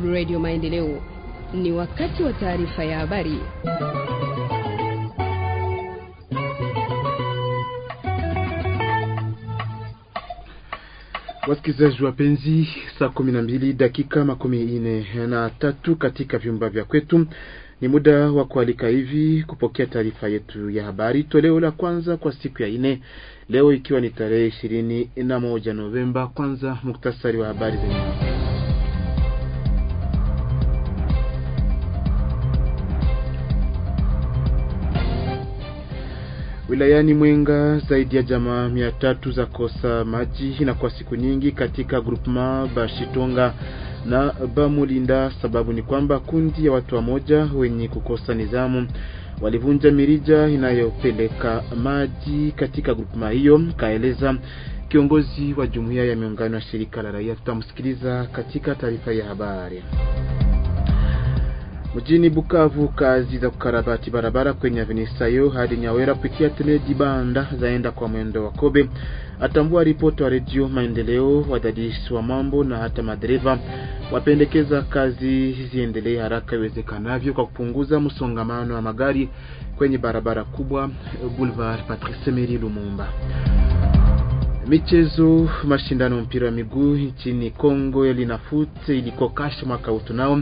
Redio Maendeleo, ni wakati wa taarifa ya habari. Wasikilizaji wapenzi, saa kumi na mbili dakika makumi nne na tatu katika vyumba vya kwetu ni muda wa kualika hivi kupokea taarifa yetu ya habari toleo la kwanza kwa siku ya ine leo, ikiwa ni tarehe ishirini na moja Novemba. Kwanza muktasari wa habari zenyewe. Wilayani Mwenga zaidi ya jamaa mia tatu za kosa maji na kwa siku nyingi katika groupema Bashitonga na Bamulinda. Sababu ni kwamba kundi ya watu wamoja wenye kukosa nidhamu walivunja mirija inayopeleka maji katika groupema hiyo, kaeleza kiongozi wa jumuiya ya miungano ya shirika la raia. Tutamsikiliza katika taarifa ya habari. Mjini Bukavu kazi za kukarabati barabara kwenye Avenue hadi Nyawera kupitia Tenedi Banda zaenda kwa mwendo wa kobe, atambua ripoti wa redio Maendeleo. Wadadisi wa mambo na hata madereva wapendekeza kazi ziendelee haraka iwezekanavyo kwa kupunguza msongamano wa magari kwenye barabara kubwa Boulevard Patrice Emery Lumumba. Michezo. Mashindano mpira wa miguu nchini Kongo yalinafute ilikokasha mwaka utunao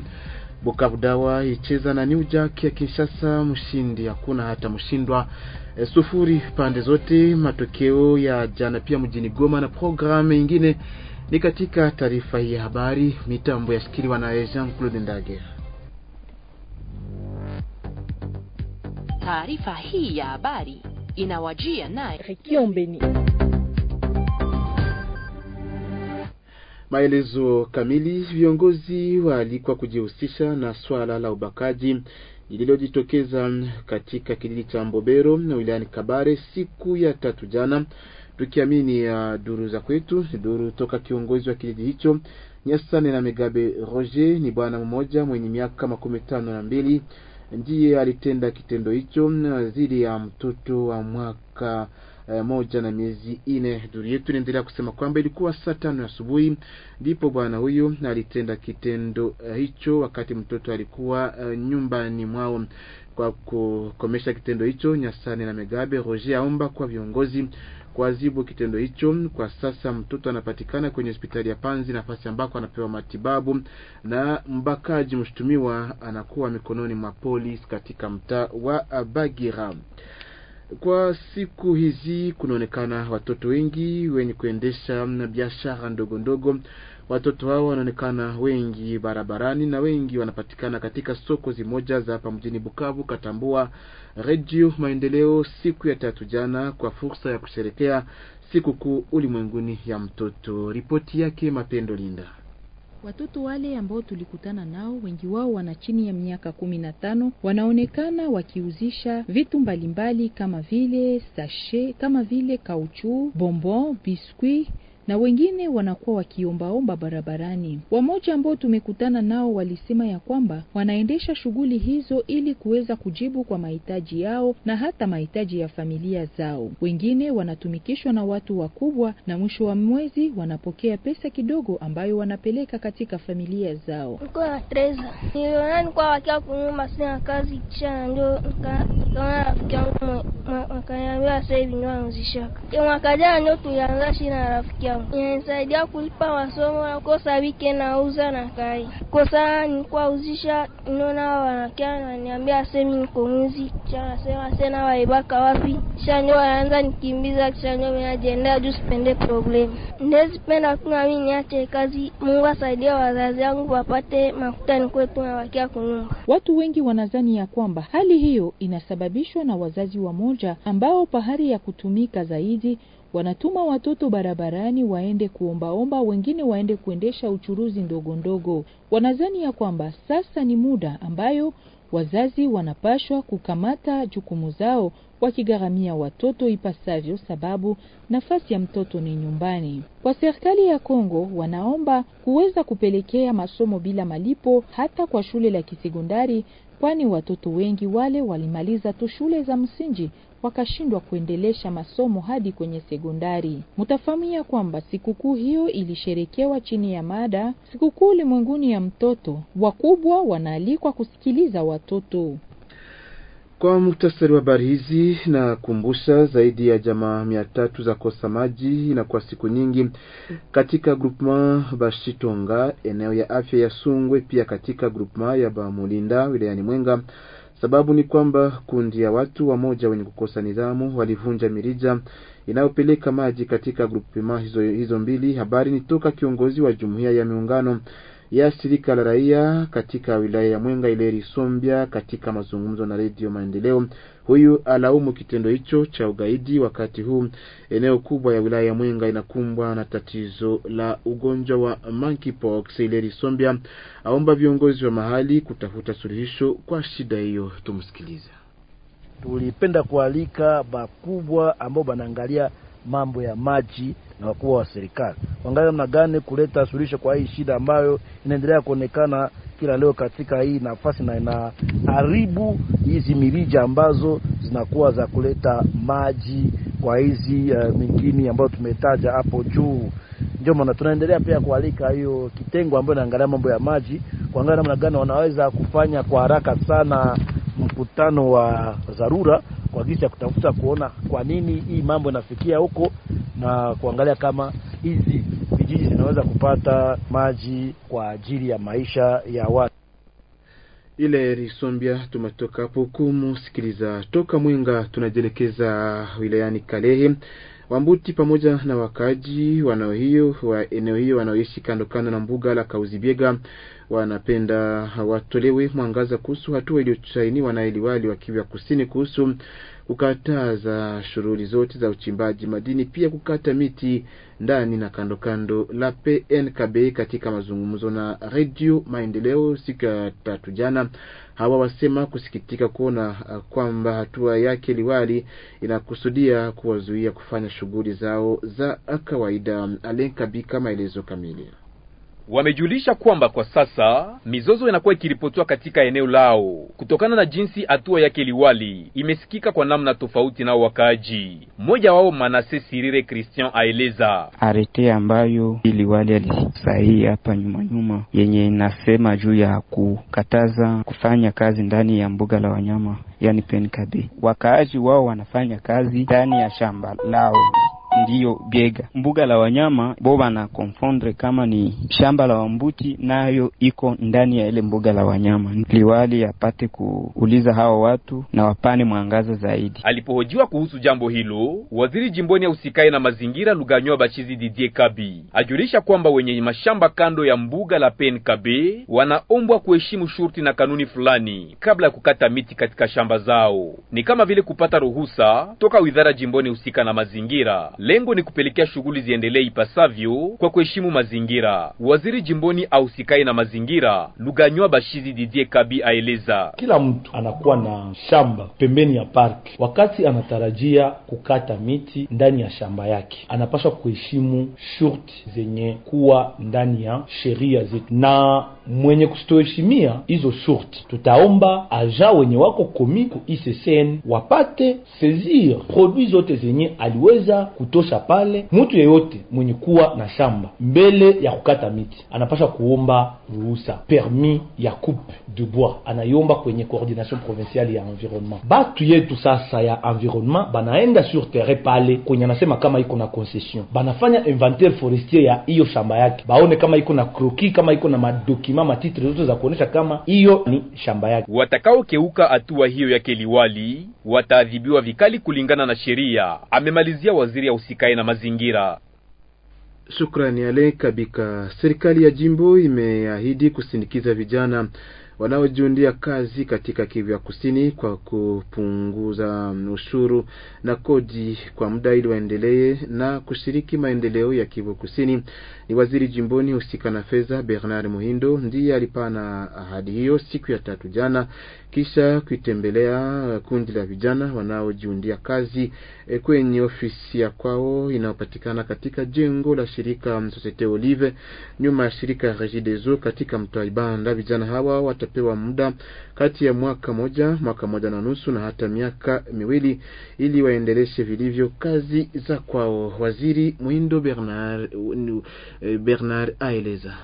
Bukavu Dawa icheza na New Jack ya Kinshasa, mshindi hakuna hata mshindwa e, sufuri pande zote. Matokeo ya jana pia mjini Goma na programu ingine ni katika taarifa hii ya habari. Mitambo yashikiliwa na Jean Claude Ndage. Taarifa hii ya habari inawajia naye Mbeni. Maelezo kamili. Viongozi waalikwa kujihusisha na swala la ubakaji lililojitokeza katika kijiji cha Mbobero wilayani Kabare siku ya tatu jana, tukiamini ya duru za kwetu, duru toka kiongozi wa kijiji hicho Nyasane na Megabe Roger, ni bwana mmoja mwenye miaka makumi tano na mbili ndiye alitenda kitendo hicho dhidi ya mtoto wa mwaka Eh, moja na miezi ine. Duru yetu inaendelea kusema kwamba ilikuwa saa tano asubuhi ndipo bwana huyu alitenda kitendo eh, hicho wakati mtoto alikuwa eh, nyumbani mwao. Kwa kukomesha kitendo hicho, Nyasani na Megabe Roger aomba kwa viongozi kuadhibu kitendo hicho. Kwa sasa mtoto anapatikana kwenye hospitali ya Panzi, nafasi ambako anapewa matibabu, na mbakaji mshutumiwa anakuwa mikononi mwa polisi katika mtaa wa Bagira. Kwa siku hizi kunaonekana watoto wengi wenye kuendesha biashara ndogo ndogo. Watoto hao wanaonekana wengi barabarani na wengi wanapatikana katika soko zimoja za hapa mjini Bukavu. Katambua Redio Maendeleo siku ya tatu jana kwa fursa ya kusherekea sikukuu ulimwenguni ya mtoto. Ripoti yake Mapendo Linda. Watoto wale ambao tulikutana nao wengi wao wana chini ya miaka kumi na tano wanaonekana wakiuzisha vitu mbalimbali kama vile sashe, kama vile kauchu, bonbon, biskuit na wengine wanakuwa wakiombaomba barabarani. Wamoja ambao tumekutana nao walisema ya kwamba wanaendesha shughuli hizo ili kuweza kujibu kwa mahitaji yao na hata mahitaji ya familia zao. Wengine wanatumikishwa na watu wakubwa, na mwisho wa mwezi wanapokea pesa kidogo ambayo wanapeleka katika familia zao. Mwaka jana ndio tulianza shina rafiki yangu yangu inanisaidia kulipa masomo nakosa wike nauza na kai kosa nikwauzisha nona wanakia naniambia asemi nikomuzi kisha nasema sena waibaka wapi kishanjo wanaanza nikimbiza kishanjo minajiendea juu sipende problemu ndezipenda tunami niache kazi mungu asaidia wazazi wangu wapate makuta nikuwe nawakia kunyumba watu wengi wanazani ya kwamba hali hiyo inasababishwa na wazazi wa moja ambao pahari ya kutumika zaidi wanatuma watoto barabarani waende kuombaomba, wengine waende kuendesha uchuruzi ndogo ndogo. Wanadhani ya kwamba sasa ni muda ambayo wazazi wanapashwa kukamata jukumu zao wakigharamia watoto ipasavyo, sababu nafasi ya mtoto ni nyumbani. Kwa serikali ya Kongo, wanaomba kuweza kupelekea masomo bila malipo hata kwa shule la kisekondari kwani watoto wengi wale walimaliza tu shule za msingi wakashindwa kuendelesha masomo hadi kwenye sekondari. Mutafahamia kwamba sikukuu hiyo ilisherekewa chini ya mada sikukuu ulimwenguni ya mtoto. Wakubwa wanaalikwa kusikiliza watoto. Kwa muktasari wa habari hizi, nakumbusha zaidi ya jamaa mia tatu za kosa maji inakuwa siku nyingi katika groupement Bashitonga eneo ya afya ya Sungwe, pia katika groupement ya Bamulinda wilayani Mwenga. Sababu ni kwamba kundi ya watu wamoja wenye kukosa nidhamu walivunja mirija inayopeleka maji katika grupema hizo, hizo mbili. Habari ni toka kiongozi wa jumuiya ya miungano ya shirika la raia katika wilaya ya Mwenga Ileri Sombia. Katika mazungumzo na Redio Maendeleo, huyu alaumu kitendo hicho cha ugaidi. Wakati huu eneo kubwa ya wilaya ya Mwenga inakumbwa na tatizo la ugonjwa wa monkeypox. Ileri Sombia aomba viongozi wa mahali kutafuta suluhisho kwa shida hiyo. Tumsikilize. Tulipenda kualika bakubwa ambao banaangalia mambo ya maji na wakuu wa serikali wangalia namna gani kuleta suluhisho kwa hii shida ambayo inaendelea kuonekana kila leo katika hii nafasi na inaharibu hizi mirija ambazo zinakuwa za kuleta maji kwa hizi uh, mingini ambayo tumetaja hapo juu. Ndio maana tunaendelea pia kualika hiyo kitengo ambayo inaangalia mambo ya maji kuangalia namna gani wanaweza kufanya kwa haraka sana mkutano wa dharura kwa jinsi ya kutafuta kuona kwa nini hii mambo inafikia huko na kuangalia kama hizi vijiji zinaweza kupata maji kwa ajili ya maisha ya watu. Ile risombia tumetoka hapo kumusikiliza toka mwinga tunajielekeza wilayani Kalehe. Wambuti pamoja na wakaaji wanao hiyo wa eneo hiyo wanaoishi kando kando na mbuga la Kauzibiega wanapenda watolewe mwangaza kuhusu hatua iliyosainiwa na eliwali wa Kivu Kusini kuhusu kukataza shughuli zote za uchimbaji madini, pia kukata miti ndani na kando kando la PNKB katika mazungumzo na Radio Maendeleo siku ya tatu jana hawa wasema kusikitika kuona uh, kwamba hatua yake liwali inakusudia kuwazuia kufanya shughuli zao za kawaida. Alen Kabika, maelezo kamili wamejulisha kwamba kwa sasa mizozo inakuwa ikiripotiwa katika eneo lao kutokana na jinsi hatua yake liwali imesikika kwa namna tofauti nao wakaaji. Mmoja wao Manase Sirire Christian aeleza arete ambayo liwali alisahihi hapa nyuma nyuma, yenye inasema juu ya kukataza kufanya kazi ndani ya mbuga la wanyama yani PNKB. Wakaaji wao wanafanya kazi ndani ya shamba lao ndiyo biega Mbuga la wanyama bo bana konfondre kama ni shamba la wambuti, nayo iko ndani ya ile mbuga la wanyama. Liwali apate kuuliza hao watu na wapane mwangaza zaidi. Alipohojiwa kuhusu jambo hilo, waziri jimboni usikae na mazingira Luganywa bachizi Didie Kabi ajulisha kwamba wenye mashamba kando ya mbuga la Pen wanaombwa kuheshimu shurti na kanuni fulani kabla ya kukata miti katika shamba zao, ni kama vile kupata ruhusa toka wizara jimboni husika na mazingira. Lengo ni kupelekea shughuli ziendelee ipasavyo kwa kuheshimu mazingira. Waziri jimboni ausikae na mazingira Luganywa Bashizi Didier Kabi aeleza, kila mtu anakuwa na shamba pembeni ya parki, wakati anatarajia kukata miti ndani ya shamba yake, anapaswa kuheshimu shurti zenye kuwa ndani ya sheria zetu, na mwenye kusitoheshimia hizo shurti, tutaomba aja wenye wako komi ku ICCN wapate sezir produit zote zenye aliweza kutosha pale. Mtu yeyote mwenye kuwa na shamba mbele ya kukata miti anapasha kuomba ruhusa permis ya coupe de bois, anaiomba kwenye coordination provinciale ya environnement. Batu yetu sasa ya environnement banaenda sur terrain pale kwenye anasema kama iko na concession, banafanya inventaire forestier ya hiyo shamba yake, baone kama iko na kroki kama iko na madokima matitre zote za kuonesha kama hiyo ni shamba yake. Watakaokeuka hatua hiyo yake liwali wataadhibiwa vikali kulingana na sheria, amemalizia waziri ya usikae na mazingira. Shukrani. Ale Kabika. Serikali ya jimbo imeahidi kusindikiza vijana wanaojiundia kazi katika Kivu ya Kusini kwa kupunguza mm, ushuru na kodi kwa muda ili waendelee na kushiriki maendeleo ya Kivu Kusini. Ni waziri jimboni husika na fedha Bernard Muhindo ndiye alipana ahadi hiyo siku ya tatu jana, kisha kuitembelea kundi la vijana wanaojiundia kazi e, kwenye ofisi ya kwao inayopatikana katika jengo la shirika mm, Societe Olive nyuma ya shirika Regideso katika mtaa Ibanda. Vijana hawa wata atapewa muda kati ya mwaka moja, mwaka moja na nusu na hata miaka miwili ili waendeleshe vilivyo kazi za kwao. Waziri Mwindo Bernard, eh, Bernard aeleza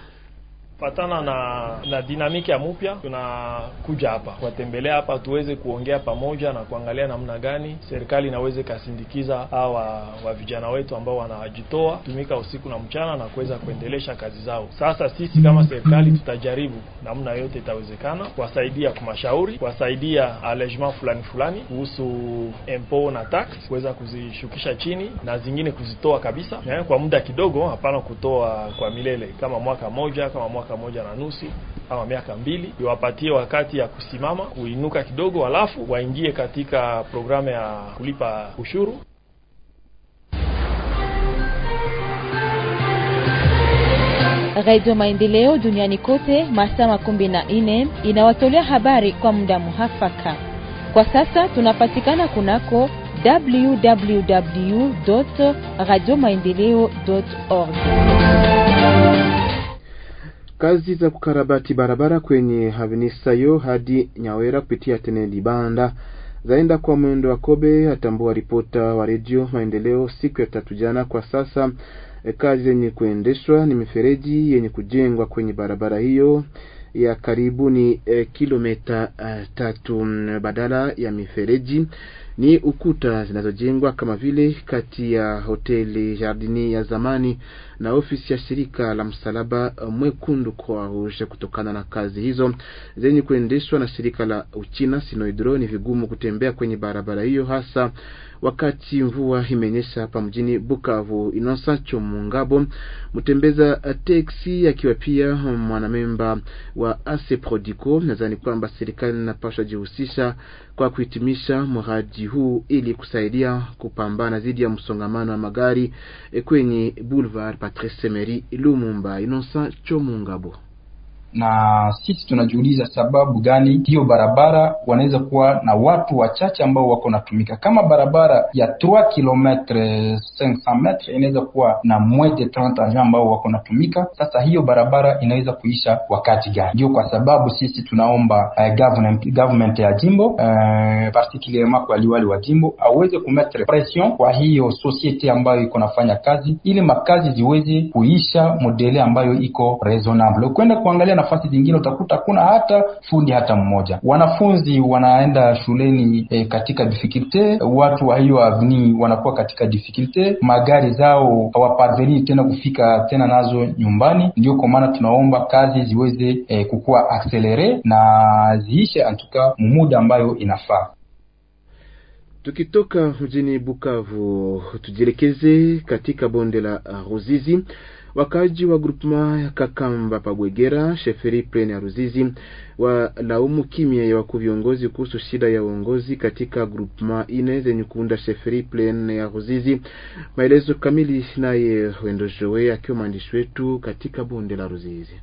Patana na na dinamiki ya mupya, tunakuja hapa kuwatembelea hapa, tuweze kuongea pamoja na kuangalia namna gani serikali inaweza ikasindikiza hawa wa vijana wetu ambao wanajitoa tumika usiku na mchana na kuweza kuendelesha kazi zao. Sasa sisi kama serikali tutajaribu namna yote itawezekana kuwasaidia kumashauri kuwasaidia allegement fulani fulani kuhusu empo na tax, kuweza kuzishukisha chini na zingine kuzitoa kabisa, yeah, kwa muda kidogo, hapana kutoa kwa milele, kama mwaka moja kama mwaka mwaka moja na nusu ama miaka mbili, iwapatie wakati ya kusimama kuinuka kidogo, halafu waingie katika programu ya kulipa ushuru. Radio Maendeleo duniani kote masaa makumi na nne inawatolea habari kwa muda muhafaka. Kwa sasa tunapatikana kunako www radio maendeleo org. Kazi za kukarabati barabara kwenye Havinisayo hadi Nyawera kupitia teneli Banda zaenda kwa mwendo wa kobe, atambua ripota wa redio Maendeleo siku ya tatu jana. Kwa sasa eh, kazi zenye kuendeshwa ni mifereji yenye kujengwa kwenye barabara hiyo ya karibuni eh, kilomita eh, tatu. Mm, badala ya mifereji ni ukuta zinazojengwa kama vile kati ya hoteli Jardini ya zamani na ofisi ya shirika la Msalaba Mwekundu kwa Rouge. Kutokana na kazi hizo zenye kuendeshwa na shirika la Uchina Sinohydro, ni vigumu kutembea kwenye barabara hiyo hasa wakati mvua imenyesha hapa mjini Bukavu. Inosancho Mungabo mtembeza teksi akiwa pia mwanamemba wa Ase Prodico, nadhani kwamba serikali inapaswa jihusisha kwa kuhitimisha mradi huu ili kusaidia kupambana dhidi ya msongamano wa magari eh, kwenye Boulevard Patrice Emery Lumumba. Inosancho Mungabo na sisi tunajiuliza sababu gani hiyo barabara wanaweza kuwa na watu wachache ambao wako natumika. Kama barabara ya 3 km 500 m inaweza kuwa na mwete 30 agent ambao wako natumika, sasa hiyo barabara inaweza kuisha wakati gani? Ndio kwa sababu sisi tunaomba uh, government, government ya jimbo uh, eh, particulierement kwa liwali wa jimbo aweze kumetre pression kwa hiyo societe ambayo iko nafanya kazi ili makazi ziweze kuisha modele ambayo iko raisonnable kwenda kuangalia na nafasi zingine utakuta kuna hata fundi hata mmoja. Wanafunzi wanaenda shuleni e, katika difikulte watu wa hiyo avni wanakuwa katika difikulte magari zao hawaparveni tena kufika tena nazo nyumbani. Ndio kwa maana tunaomba kazi ziweze e, eh, kukuwa akselere na ziishe antuka muda ambayo inafaa. Tukitoka mjini Bukavu tujielekeze katika bonde la Ruzizi. Wakaji wa grupma ya Kakamba Pabwegera sheferi plen ya Ruzizi walaumu kimya ya wakuu viongozi kuhusu shida ya uongozi katika grupma ine zenye kuunda sheferi pleni ya Ruzizi. Maelezo kamili naye Wendo Joe akiwa mwandishi wetu katika bonde la Ruzizi.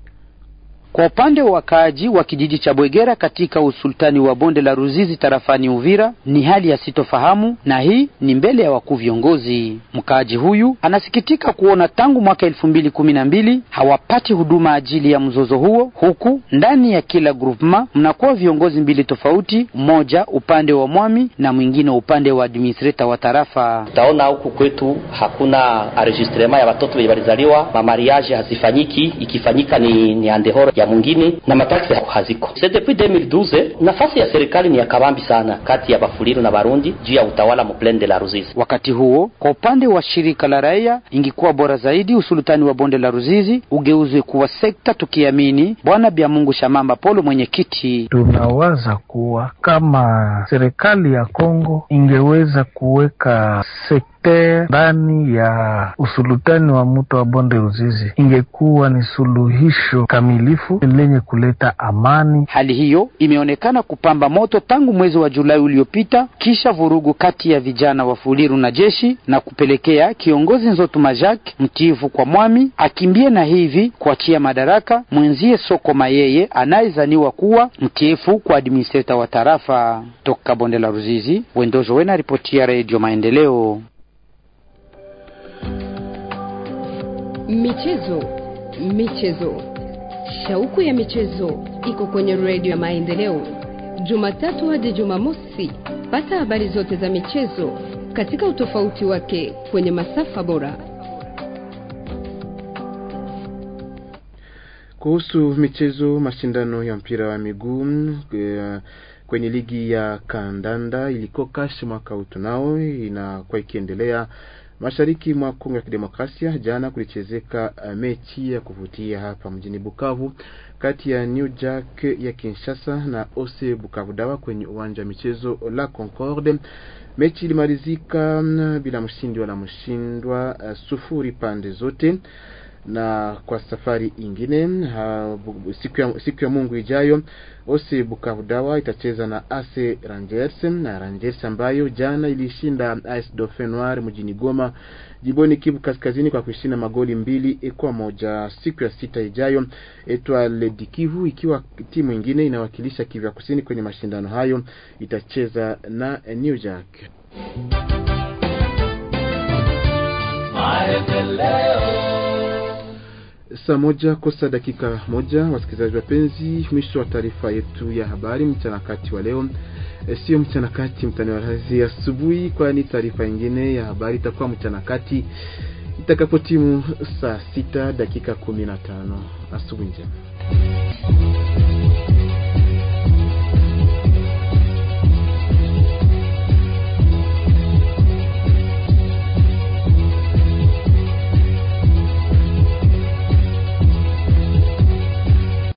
Kwa upande wa wakaaji wa kijiji cha Bwegera katika usultani wa bonde la Ruzizi tarafani Uvira ni hali ya sitofahamu, na hii ni mbele ya wakuu viongozi. Mkaaji huyu anasikitika kuona tangu mwaka elfu mbili kumi na mbili hawapati huduma ajili ya mzozo huo, huku ndani ya kila grupma mnakuwa viongozi mbili tofauti, mmoja upande wa mwami na mwingine upande wa administrator wa tarafa. Utaona huku kwetu hakuna enregistrement ya watoto walizaliwa, mamariaje hazifanyiki, ikifanyika ni, ni andehoro ya mwingine na mataksi haziko. 2012 nafasi ya serikali ni ya kabambi sana kati ya Bafuliru na Barundi juu ya utawala mplen de la Ruzizi. Wakati huo kwa upande wa shirika la raia, ingekuwa bora zaidi usultani wa bonde la Ruzizi ugeuzwe kuwa sekta, tukiamini Bwana Byamungu Shamamba Polo, mwenyekiti. Tunawaza kuwa kama serikali ya Kongo ingeweza kuweka sekta yote ndani ya usulutani wa mto wa bonde Ruzizi ingekuwa ni suluhisho kamilifu lenye kuleta amani. Hali hiyo imeonekana kupamba moto tangu mwezi wa Julai uliopita, kisha vurugu kati ya vijana wa Fuliru na jeshi na kupelekea kiongozi nzotu Majak mtiifu kwa Mwami akimbie na hivi kuachia madaraka mwenzie Soko Mayeye anayezaniwa kuwa mtiifu kwa administrator wa tarafa. Toka bonde la Ruzizi, Wendozo Wena, ripoti ya Radio Maendeleo. Michezo, michezo, shauku ya michezo iko kwenye redio ya Maendeleo, Jumatatu hadi Jumamosi. Pata habari zote za michezo katika utofauti wake kwenye masafa bora. Kuhusu michezo, mashindano ya mpira wa miguu eh, kwenye ligi ya kandanda ilikuwa kashi mwaka utunao inakuwa ikiendelea Mashariki mwa Kongo ya Kidemokrasia jana kulichezeka uh, mechi ya kuvutia hapa mjini Bukavu kati ya New Jack ya Kinshasa na OSE Bukavu Dawa kwenye uwanja wa michezo La Concorde. Mechi ilimalizika mm, bila mshindi wala mshindwa, uh, sufuri pande zote na kwa safari ingine ha, siku, ya, siku ya Mungu ijayo Ose bukavudawa itacheza na Ase Rangers na Rangers ambayo jana ilishinda AS Dauphin Noir mjini Goma jiboni Kivu Kaskazini kwa kushinda magoli mbili kwa moja. Siku ya sita ijayo Etoile du Kivu ikiwa timu ingine inawakilisha Kivu ya Kusini kwenye mashindano hayo itacheza na New Jack Maendeleo. Saa moja kosa dakika moja, wasikilizaji wapenzi, mwisho wa taarifa yetu ya habari mchana kati wa leo. E, sio mchana kati mtaniwarazi asubuhi, kwani taarifa nyingine ya habari itakuwa mchana kati itakapotimu saa sita dakika kumi na tano. Asubuhi njema.